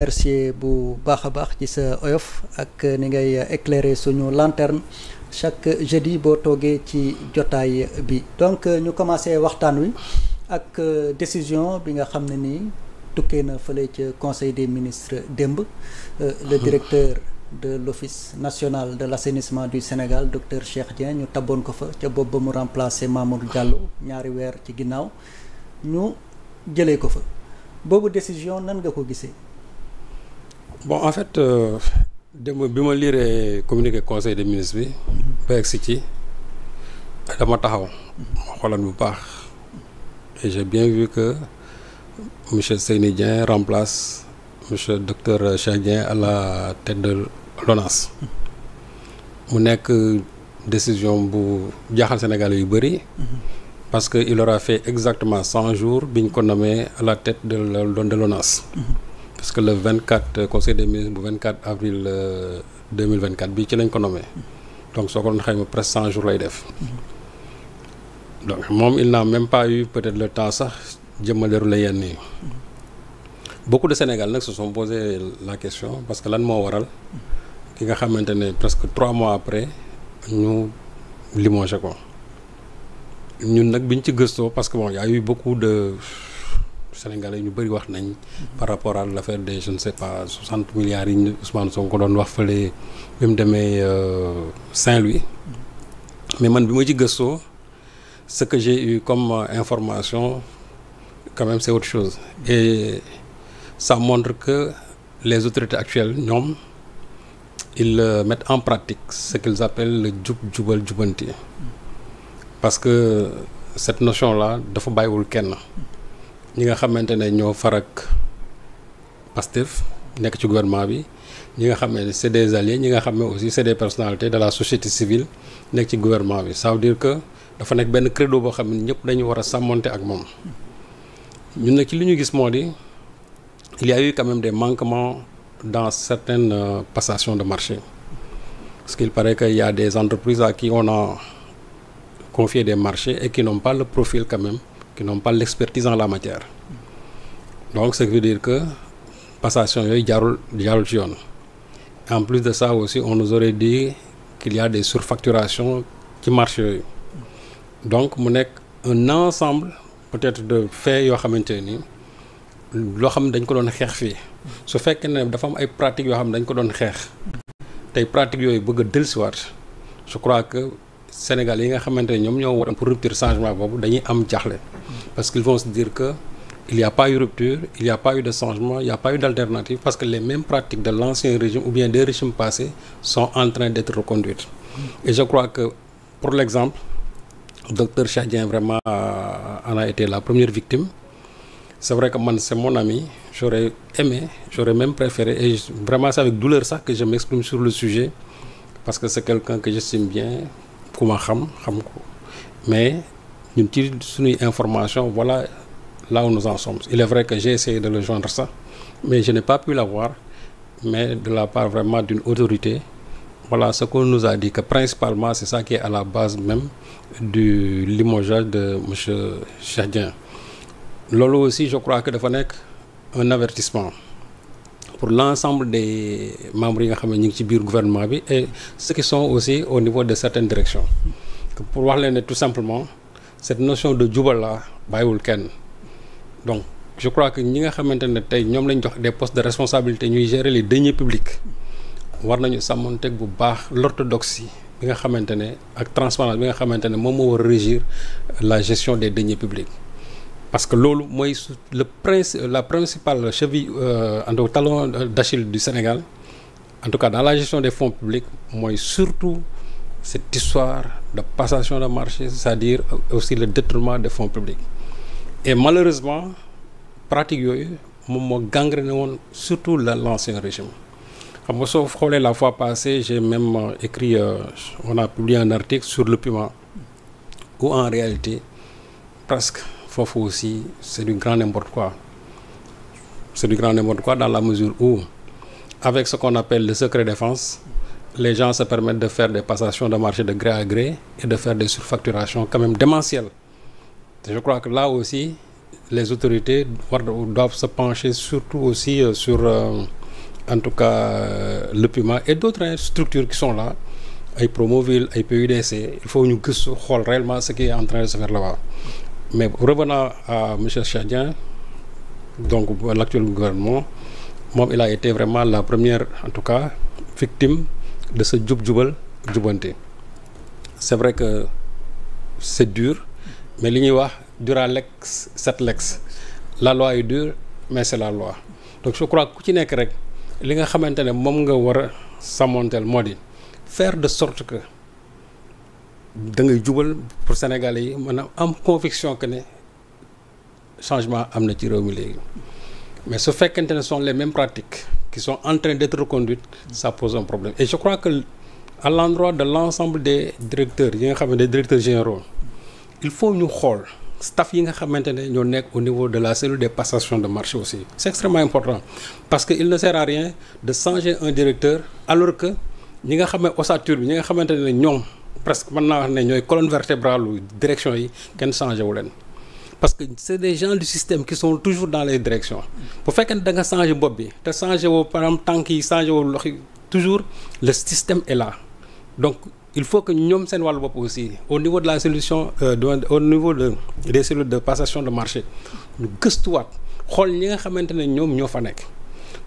remercier bu baax a baax ci sa oyof ak ni ngay éclairer suñu lanterne chaque jeudi boo toogee ci jotaay bi donc ñu commencé waxtaan wi ak euh, décision bi nga xam ne nii tukkee na fële ca conseil des ministres démb euh, le ah. directeur de l'office national de l'assainissement du Sénégal docteur Cheikh Dieng ñu taboon ko fa ca bopp ba mu remplacer Mamour Diallo ñaari weer ci ginnaaw ñu jëlee ko fa boobu décision nan nga ko gisee bon en fait euh, démb bi ma liiree communiqué conseil des ministre bi ba egsi ci dama taxaw ma bu baax et j'ai bien vu que monsieur Seyni Dieng remplace monsieur docteur Cheikh Dieng à la tête de l'ONAS mu nekk décision bu jaaxal Sénégalais yu bëri parce que il aura fait exactement cent jours bi ñu ko nommé à la tête de l'ONAS parce que le 24 euh, conseil des ministres bu 24 avril 2024 euh, bi ci lañ ko nommé donc soo ko doon xayma presque 100 jours lay def donc moom il n'a même pas eu peut-être le temps sax jëmmaleeru la yenn yi beaucoup de Sénégal nag se sont posé la question parce que lan moo waral ki nga xamante ne presque trois mois après ñu limogé ko ñun nag biñ ci gëstoo parce que bon y beaucoup de Sénégalais ñu bëri wax nañ par rapport à l'affaire des je ne sais pas 60 milliards yi ñu Ousmane ko doon wax fale bi mu demee euh, Saint-Louis mais man bi ma ci gëstoo ce que j'ai eu comme information quand même c'est autre chose et ça montre que les autorités actuelles ñoom il euh, mettent en pratique ce qu'ils appellent le jub jubal jubanti parce que cette notion la dafa bàyyiwul kenn ñi nga xamante ne ñoo farak Pastef nekk ci gouvernement bi ñi nga xam ne c'est des alliés ñi nga xam ne aussi c'est des personnalités de la société civile nekk ci gouvernement bi ça veut que dafa nekk benn credo boo xam ne ñëpp dañu war a sàmmonte ak moom ñun nag ci li ñu gis moo di il y a eu des manquements dans certaines euh, passations de marché parce qu'il paraît qu'il y a des entreprises à qui on a confié des marchés et qui le profil quand qui n'ont pas l'expertise en la matière donc ce qui dire que passation yooyu jaarul jaarul ci yoon en plus de ça aussi on nous aurait dit qu'il y a ci marché yooyu donc mu nekk un ensemble peut-être de faits yoo xamante ni loo xam ne dañ ko doon xeex fii su fekkee ne dafa am ay pratiques yoo xam ne dañ ko doon xeex tey pratiques yooyu bëgg a dellusiwaat je crois que Sénégal yi nga xamante ne ñoom ñoo war pour rupture changement boobu dañuy am jaaxle parce qu'ils vont se dire que il n'y a pas eu rupture il n'y a pas eu de changement il n'y a pas eu d'alternative parce que les mêmes pratiques de l'ancien régime ou bien des régimes passés sont en train d'être reconduites et je crois que pour l'exemple docteur Chadien vraiment euh, en a été la première victime c'est vrai que man c'est mon ami j'aurais aimé j'aurais même préféré et vraiment c'est avec je m'exprime sur le sujet parce que bien ku ma xam xam ko mais ñun ci suñuy information voilà là où nous en sommes il est vrai que j'ai essayé de le joindre ça mais je n'ai pas pu l'avoir mais de la part vraiment d'une autorité voilà ce qu'on nous a dit que principalement c'est ça qui est à la base même du limogeage de monsieur Cheikh Dieng loolu aussi je crois que dafa nekk un avertissement pour l'ensemble des membres yi nga xam ne ñu ngi ci biir gouvernement bi et ceux qui sont aussi au niveau de certaines direction pour wax leen ne tout simplement cette notion de jubal bàyyiwul kenn donc je crois que ñi nga xamante ne tey ñoom lañ jox des postes de responsabilité ñuy gérer les deniers publics war nañu sàmmanteeg bu baax l'orthodoxie bi nga xamante ne ak transparence bi nga xamante ne moom moo war régir la gestion des deniers publics parce que loolu mooy le prince la principale cheville euh, en tout cas talon d'Achille Sénégal en tout cas dans la gestion des fonds publics mooy surtout cette histoire de passation de marché c'est-à-dire euh, aussi le détournement des fonds publics et malheureusement pratique yooyu moom moo gangréné woon surtout la l'ancien régime xam nga soo xoolee la fois passée j'ai même euh, écrit on a publié un article sur le piment où en réalité presque foofu aussi c'est du grand n'importe quoi c'est du grand n'importe quoi dans la mesure où avec ce qu'on appelle le secret défense les gens se permettent de faire des passations de marché de gré à gré et de faire des surfacturations quand même démentielles je crois que là aussi les autorités doivent se pencher surtout aussi euh, sur euh, en tout cas euh, le PUMA et d'autres structures qui sont là ay Promoville ay PUDC il faut ñu gëstu xool réellement ce qui est en train de se faire mais revenant à monsieur Cheikh Dieng donc l'actuel gouvernement moom il a été vraiment la première en tout cas victime de sa jub-jubal jubante c'est vrai que c'est dur mais li ñuy wax dura lex sed lex la loi est dure mais c'est la loi donc je crois ku ci nekk rek li nga xamante ne moom nga war a sàmmoonteel moo di faire de sorte que da ngay jubal pour Sénégalais yi mën a am conviction que ne changement am na ci réew mi léegi mais su fekkente ne son les mêmes pratiques qui son en train d'être reconduites ça pose un problème et je crois que à l'endroit de l'ensemble de directeurs yi nga xam ne des directeurs généraux il faut ñu xool staff yi nga xamante ne ñoo nekk au niveau de la cellule des passations de marché aussi c'est extrêmement important parce que il ne sert rien de changer un directeur alors que ñi nga xam ne ossature bi ñi xamante ne ñoom presque mën naa wax ne ñooy colonne vertébrale direction yi kenn changé wu leen parce que c' des gens du système qui sont toujours dans les directions bu fekkee ne da nga bopp bi te changé woo par exemple tànk yi changé woo loxo yi toujours le système est la donc il faut que ñoom seen wàllu bopp aussi au niveau de la solution euh, au niveau de des cellules de passation de marché ñu gëstuwaat xool ñi nga xamante ne ñoom ñoo fa nekk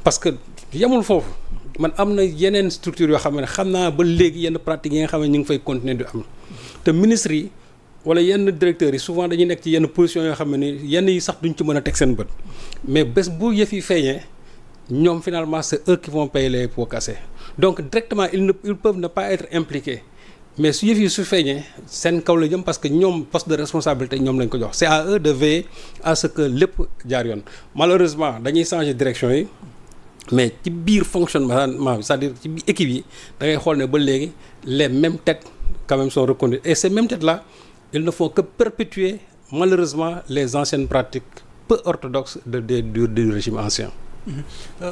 parce que yemul foofu man am na yeneen structure yoo xam ne xam naa ba léegi yenn pratiques yi nga xam ne ñu ngi fay continuer di am te ministres yi wala yenn directeurs yi souvent dañuy nekk ci yenn position yoo xam ne yenn yi sax duñ ci mën a teg seen bët mais bés bu yëf yi feeñee ñoom finalement c'est eux qui vont payer les pots cassés donc directement ils ne ils peuvent ne pas être impliqués mais su yëf yi su feeñee seen kaw la jëm parce que ñoom poste de responsabilité ñoom lañ ko jox c'est à de veiller à ce lépp jaar yoon malheureusement dañuy changer direction yi mais ci biir fonctionnement bi c'est-à-dire ci biir équipe yi da xool ne ba léegi les mêmes têtes quand même sont reconnues et ces mêmes têtes là ils ne font que perpétuer malheureusement les anciennes pratiques peu orthodoxes de, de, du, du régime ancien nga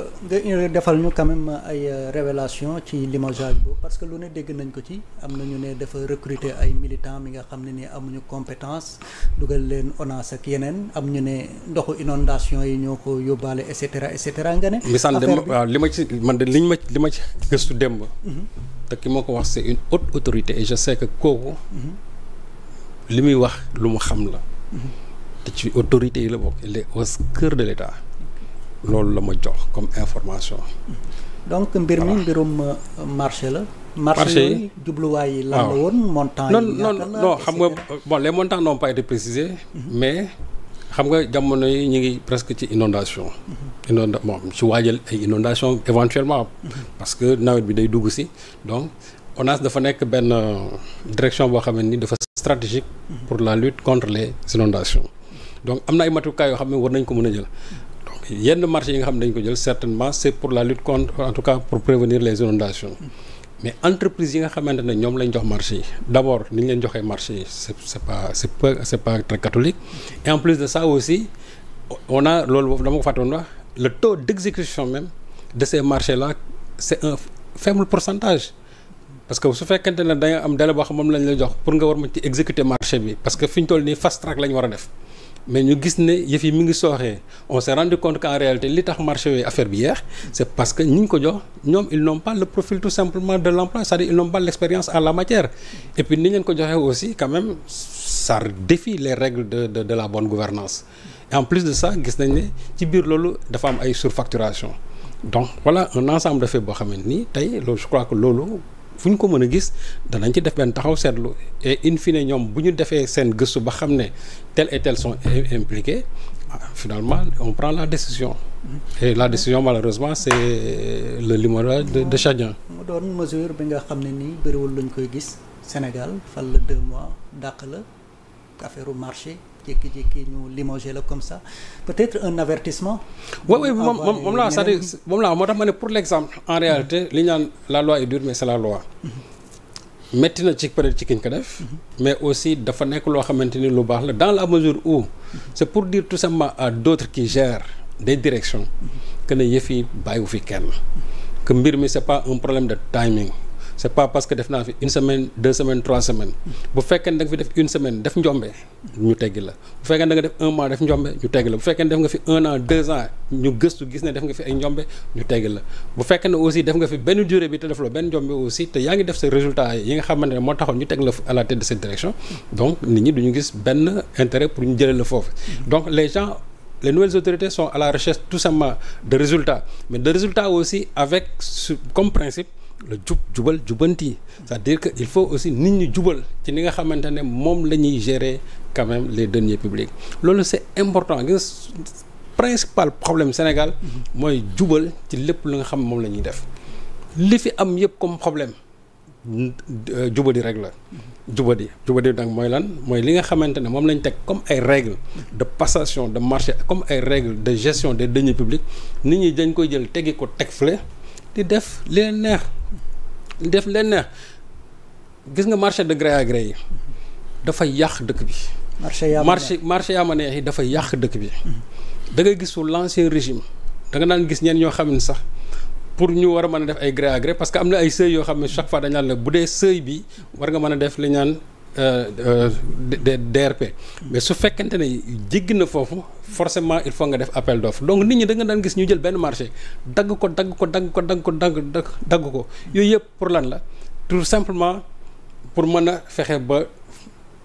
euh, defal ñu quand ay euh, révélation ci limogeage boobu parce que lu ne dégg nañ ko ci am na ñu ne dafa recruter ay militants mi nga xam ne ni amuñu compétence dugal leen ONAS ak yeneen am ñu ne ndoxu inondation yi ñoo ko yóbbaale et cetera cetera nga ne. affaire waaw li ma ci man de liñ ma li ma ci gëstu dem mhm. te ki moo ko wax c'est une haute autorité et je sais kooku. Mhm. li muy wax lu mu xam la. Mhm. te ci autorité yi la bokk il est au de l'État. loolu la ma jox comme information. donc mbir mi mbirum euh, marché la. marché yi jubluwaay yi lan la woon. montant yi xam nga euh, bon les montants n'ont pas été précisés. Mhm. mais xam nga jamono yi ñu ngi presque ci inondation mhm. inonda bon ci waajal ay inondation éventuellement. Mhm. parce que nawet bi day dugg si donc. ONAS dafa nekk benn euh, direction boo xam ni dafa stratégique pour la lutte contre les inondations donc am na ay matukaay yoo xam ne war nañ ko mën a jël yenn marché yi nga xam ne dañ ko jël certainement c'est pour la lutte contre en tout cas pour prévenir les inondations mais entreprise yi nga xamante ne ñoom lañ jox marché yi d'abord ni ñu leen joxee marché yi c'est c'est pas c'est peu c'est pas très catholique en plus de ça aussi on loolu boobu dama ko fàttewoon wax le taux d'exécution même de ces marchés là c'est un faible pourcentage parce que su fekkente ne da am délai boo xam moom lañ la jox pour nga war ma ci exécuter marché parce que fi ñu toll nii fast track lañ war a def mais ñu gis ne yëf yi mi ngi sooxee on s'est rendu compte qu'en réalité li tax marché yooyu affaire bi yeex c'est parce que ñu ngi ko jox ñoom ils n'ont pas le profil tout simplement de l'emploi c'est-à-dire ils pas l'expérience en la matière et puis ni ñu ko joxee aussi quand même ça défie les règles de de de la bonne gouvernance en plus de ça gis nañ ne ci biir loolu dafa am ay surfacturation donc voilà un ensemble de faits boo xamante ni tey loolu je crois que loolu fu ñu ko mën a gis danañ ci def benn taxaw seetlu et in fine ñoom bu ñu defee seen gëstu ba xam ne tel et tel sont impliqués ah, finalement on prend la décision mm-hmm. et la décision malheureusement c'est le limogeage de chacun mu doon mesure bi nga xam ne nii bëriwul luñ koy gis Sénégal fal la deux mois dàq la affaire marché jékki-jékki ñu la comme ça peut-être un avertissement. waaw oui moom moom moom laa cest à moom laa moo tax ma ne pour l'exemple en réalité li ñu naan la loi est dure mais c'est la loi. metti na ci peut-être ci kiñ ko def. mais aussi dafa nekk loo xamante ni lu baax la dans la mesure où. c'est pour dire tout simplement à d'autres qui gèrent des directions. que ne yëf yi bàyyiwu fi kenn. que mbir mi c'est pas un problème de timing. c'est pas parce que def naa fi une semaine deux semaines trois semaines bu fekkee ne da nga fi def une semaine def njombe ñu teggi la bu fekkee ne def un mois def njombe ñu teggi la bu fekkee ne def nga fi un an deux ne def nga fi ay njombe ñu teggi la bu fekkee ne aussi def nga fi benn durée bi te la benn njombe aussi te yaa ngi def se résultat yi nga xamante ne moo taxoon ñu teg la à la tête de cette direction donc nit ñi duñu gis benn intérêt pour ñu jëlee la foofu donc les gens les nouvelles la recherche tout simplement de résultats mais de résultats aussi avec comme la jub jubal jubanti c'est-à-dire que il faut aussi nit ñu jubal ci li nga xamante ne moom la ñuy gérer quand même les deniers publique loolu c'est important gis principal problème Sénégal mooy jubal ci lépp lu nga xam moom la ñuy def li fi am yëpp comme problème jubadi rek la jubadi jubadi nag mooy lan mooy li nga xamante ne moom lañ teg comme ay règles de passation de marché comme ay règles de gestion des deniers publics nit ñi dañ koy jël tegi ko teg fële di def li leen neex di def leen neex gis nga marché de gré à gré yi dafay yàq dëkk bi. marché yaa ma neex ma neex yi dafa yàq dëkk bi. Mhm. da ngay gis l' ancien régime da nga naan gis ñeen ñoo xam ne sax pour ñu war a mën a def ay gré à gré parce que am na ay seuil yoo xam ne chaque fois dañ naan la bu dee seuil bi war nga mën a def li ñaan Euh, euh, DRP mais su fekkente ne jiggi na foofu forcément il faut nga def appel d'offre donc nit ñi da nga daan gis ñu jël benn marché dagg ko dagg ko dagg ko dagg ko dagg dagg ko yooyu yëpp pour lan la tout simplement pour mën a fexe ba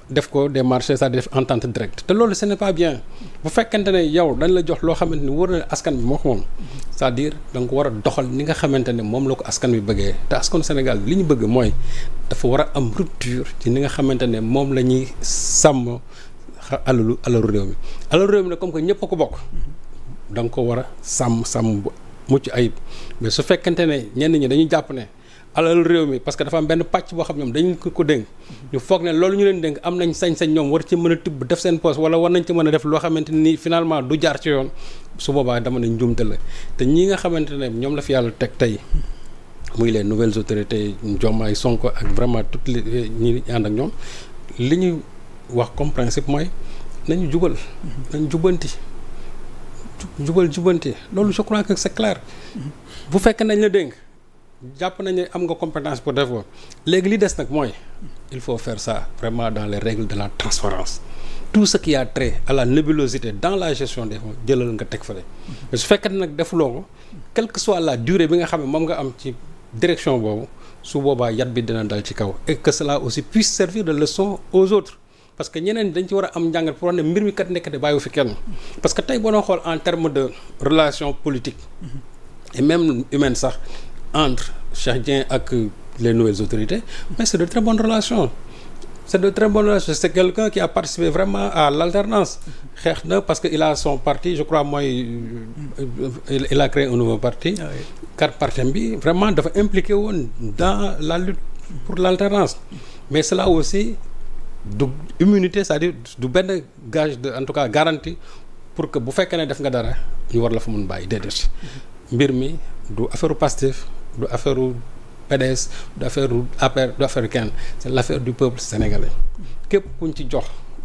def ko des marchés cest def entente directe te loolu ce n'est pas bien bu fekkente ne yow dañ la jox loo xamante ni wóor na askan bi moo ko moom cest à ko war a doxal ni nga xamante ne moom la ko askan bi bëggee te askanu Sénégal li ñu bëgg mooy dafa war a am rupture ci ni nga xamante ne moom la ñuy sàmm alalu alalu réew mi alalu réew mi nag comme que ñëpp a ko bokk da ko war a sàmm sàmm bu mucc ayib mais su fekkente ne ñenn ñi dañu jàpp ne. alal réew mi parce que dafa am benn pàcc boo xam ñoom dañ ko ko dénk ñu foog ne loolu ñu leen dénk am nañ sañ-sañ ñoom war ci mën a tibb def seen poste wala war nañ ci mën a def loo xamante ni finalement du jaar ci yoon su boobaa dama ne njuumte la te ñi nga xamante ne ñoom la fi yàlla teg tey muy les nouvelles autorités Diomaye Sonko ak vraiment toutes les eh, ñi ànd ak ñoom li ñuy wax comme principe mooy nañu jubal nañ jubanti jubal jubanti loolu je crois que c'est clair mm-hmm. bu fekk nañ la dénk jàpp nañ ne am nga compétence pour def ko léegi li des nag mooy il faut fair ça vraiment dans les règles de la transparence tout ce qui a trait à la nébulosité dans la gestion des fonds jëlal nga teg fa mais su fekkee nag defuloo ko quelle que soit la durée bi nga xam ne moom nga am ci direction boobu su boobaa yat bi dina dal ci kaw et que cela aussi puisse servir de leçon aux autres parce que ñeneen dañ ci war a am njàngat pour wax ne mbir mi kat nekkate fi kenn parce que tey boo doon xool en terme de relation politique même humaine sax entre Cheikh Dieng ak les nouvelles autorités mais c'est de très bonnes relations c'est de très bonnes relations c'est quelqu'un qui a participé vraiment à l'alternance xeex na parce que il a son parti je crois mooy euh, il a créé un nouveau parti ah quatre partem bi vraiment dafa impliqué woon dans la lutte pour l'alternance mais cela aussi du immunité c'est-à-dire du benn gage de en tout cas garantie pour que bu fekkee ne def nga dara ñu war la fa mun bàyyi déedéet du affaire u PDS du affaire u APR du affaire kenn l'affaire du peuple sénégalais képp kuñ ci jox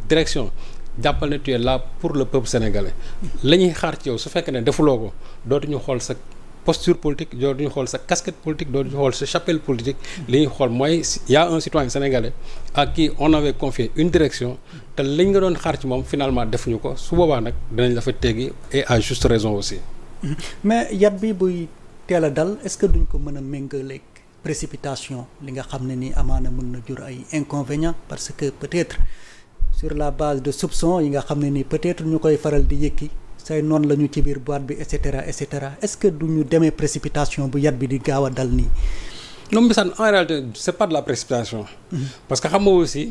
direction jàppal ne tu pour le peuple sénégalais la ñuy xaar ci yow su fekkee ne defuloo ko dootuñu xool sa posture politique dootuñu xool sa casquette politique dootuñu xool sa chapelle politique li ñuy xool mooy y a un citoyen sénégalais ak qui on avait confié une direction te lañ nga doon xaar ci moom finalement defuñu ko su boobaa nag dinañ la fa teggi et à juste raison aussi teel a dal est-ce que duñ ko mën a méngaleeg précipitation li nga xam ne ni amaana mun na jur ay inconvénients parce que peut-être sur la base de soupçons yi nga xam ne ni peut-être ñu koy faral di yëkki say noonu la ci biir boîte bi et cetera et cetera est-ce que du ñu demee précipitation bu yat bi di gaaw a dal nii. non Mbissane en réalité c'est pas de la précipitation. Mm-hmm. parce que xam nga aussi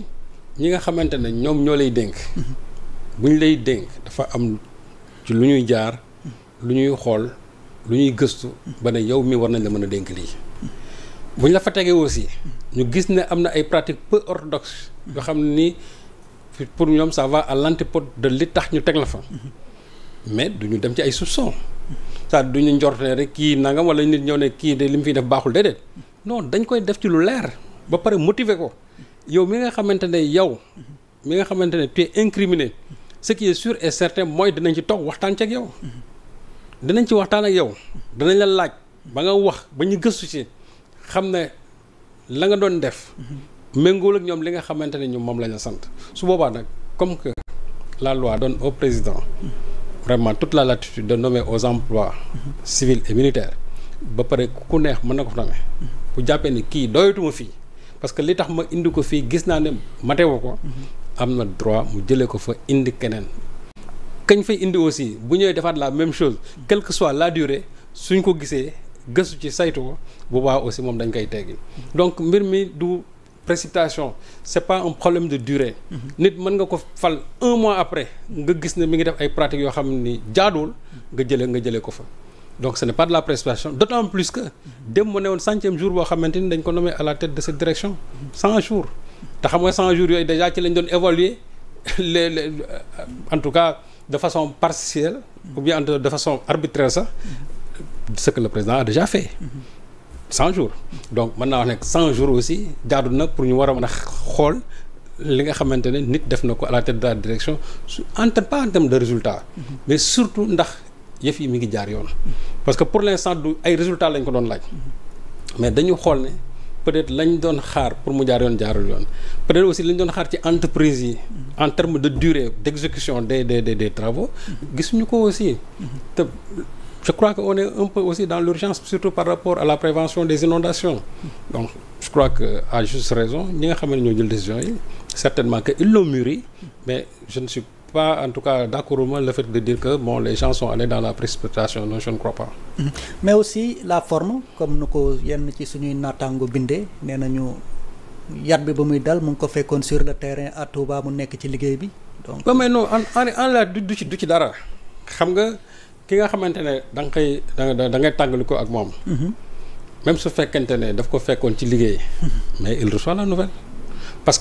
ñi nga xamante ne ñoom ñoo lay dénk. Mm-hmm. bu ñu lay dénk dafa am ci lu ñuy jaar. Mm-hmm. lu ñuy xool. lu ñuy gëstu ba ne yow mi war nañ la mën a dénk lii bu ñu la fa tegee aussi ñu gis ne am na ay pratiques peu orthodoxes yoo xam ni pour ñoom ça va à l'antipode de li tax ñu teg la fa mais du ñu dem ci ay soupçons ça du ñu njort ne rek kii nangam wala nit ñëw ne kii de li mu fi def baaxul déedéet non dañ koy def ci lu leer ba pare motiver ko yow mi nga xamante ne yow mi nga xamante ne tu es incriminé ce qui est sûr et certain mooy dinañ ci toog waxtaan ci yow dinañ ci waxtaan ak yow danañ la laaj ba nga wax ba ñu gëstu ci xam ne la nga doon def méngool ak ñoom li nga xamante ne ñoom moom la ñu sant su boobaa nag comme que la loi donne au président vraiment toute la latitude de nommer aux emplois civils et militaires ba pare ku neex mën na ko nommer bu jàppee ni kii doyatuma fii parce que li tax ma indi ko fii gis naa ne matewu ko am na droit mu jëlee ko fa indi keneen kañ fay indi aussi bu ñëwee defaat la même chose quelle que soit la durée suñ ko gisee gëstu ci saytu ko bu baax aussi moom dañ koy teggi donc mbir mi du précipitation c'est pas un problème de durée mhm. nit mën nga ko fal un mois après nga gis ne mu ngi def ay pratiques yoo xam ni jaaduwul nga jële nga jëlee ko fa donc ce n'est pas de la précipitation d'autant plus que dem mhm. mu ne woon centième jour boo xamante ni dañ ko nommé à la tête de cette direction cent jours xam nga cent jours yooyu déjà ci lañ doon évaluer les euh, en de façon partielle ou bien de façon arbitraire sax ce que le président a déjà fait cent jours donc mën naa wax nekk cent jours aussi jaadu na pour ñu war a mën a xool li nga xamante ne nit def na ko à la direction en terme pas en de résultat mais surtout ndax yëf yi mu ngi jaar yoon parce que pour l'instant du ay résultat lañ ko doon laaj mais dañu xool ne peut-être lañ doon xaar pour mu jaar yoon jaarul yoon peut-être aussi lañ doon xaar ci entreprise yi mm-hmm. en termes de durée d'exécution des des des, des mm-hmm. ko aussi mm-hmm. te je crois que on est un peu aussi dans l'urgence surtout par rapport à la prévention des inondations donc je crois que à juste raison ñi nga xam ne ñoo jël décision yi certainement que ils l'ont mûri mais je ne suis pas en tout cas d'accord le fait de dire que bon les gens sont allés précipitation non je ne pas mm-hmm. mais aussi la forme comme nu ko yenn ci suñuy naataango bindee nee nañu yat bi ba muy dal mu ngi ko fekkoon sur le terrain à Touba mu nekk ci liggéey bi donc ba mais non en en la du ci du ci dara xam nga ki nga xamante ne da nga da ngay tàggali ko ak moom mm-hmm. même su fekkente ne daf ko fekkoon ci liggéey mm-hmm. mais il reçoit la nouvelle parce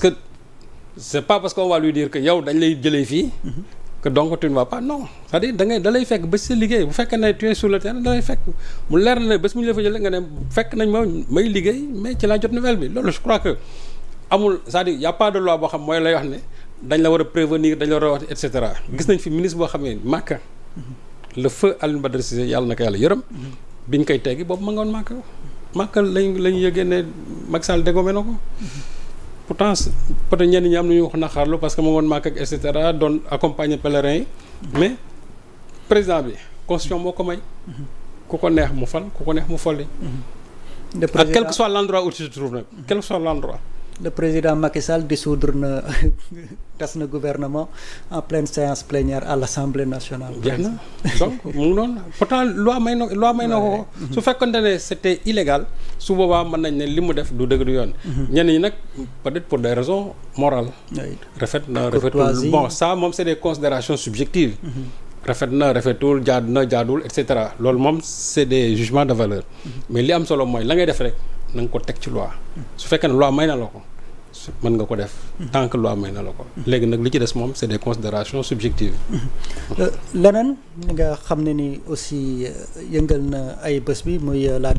c'est pas parce qu'on va lui dire que yow dañ lay jëlee fii. que donc tu ne vas pas non c'est-à-dire da ngay lay fekk sa liggéey bu fekkee ne tu es sur le terrain da fekk mu leer na bés bu ñu la fa jëlee nga ne fekk nañ ma may liggéey mais ci laa jot nouvelle bi loolu je crois que amul c'est-à-dire y a pas boo xam mooy lay wax ne dañ la war a prévenir dañ la war a wax et cetera. gis nañ fi ministre boo xam ne Màkka le feu Alioune Badara Cissé yàlla na ko yàlla yërëm. biñ koy teggi boobu ma ngoon Màkka Màkka lañ lañ yëgee ne Macky Sall dégommé na ko. pourtant peut-être ñenn ñi am nañu wax na naqarlu parce que mu ngoon màkk ak et cetera doon accompagner pèlerins yi mais président bi constitution moo ko may. ku ko neex mu fal ku ko neex mu folli. le ah, président ak quel que soit l'endroit où tu te trouves nag. quel soit l'endroit. le président Macky Sall dissoudre na. tas na gouvernement en pleine séance plénière à l'Assemblée nationale. jeex na donc mu noonu loi may na loi may na ko mhm. su fekkonte ne c'était illégal su boobaa mën nañ ne li mu def du dëgg du yoon. Mhm. ñenn yi nag peut-être pour des raisons morales. Mhm. rafet na rafetul bon saa moom c'est de considération subjectives. rafet na rafetul jaadu na jaadul et cetera loolu moom c'est des jugements de valeur. mais li am solo mooy la ngay def rek na nga ko teg ci loi. su fekkee ne loi may na la ko. mën nga ko def tant que may na la ko léegi nag li ci des moom c'est des considérations subjectives euh, leneen nga xam ne ni aussi euh, yëngal na ay bés bi muy euh, la